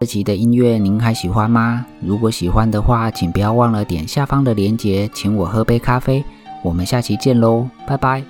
這期的音樂您還喜歡嗎？如果喜歡的話，請不要忘了點下方的鏈接，請我喝杯咖啡。我們下期見嘍，拜拜。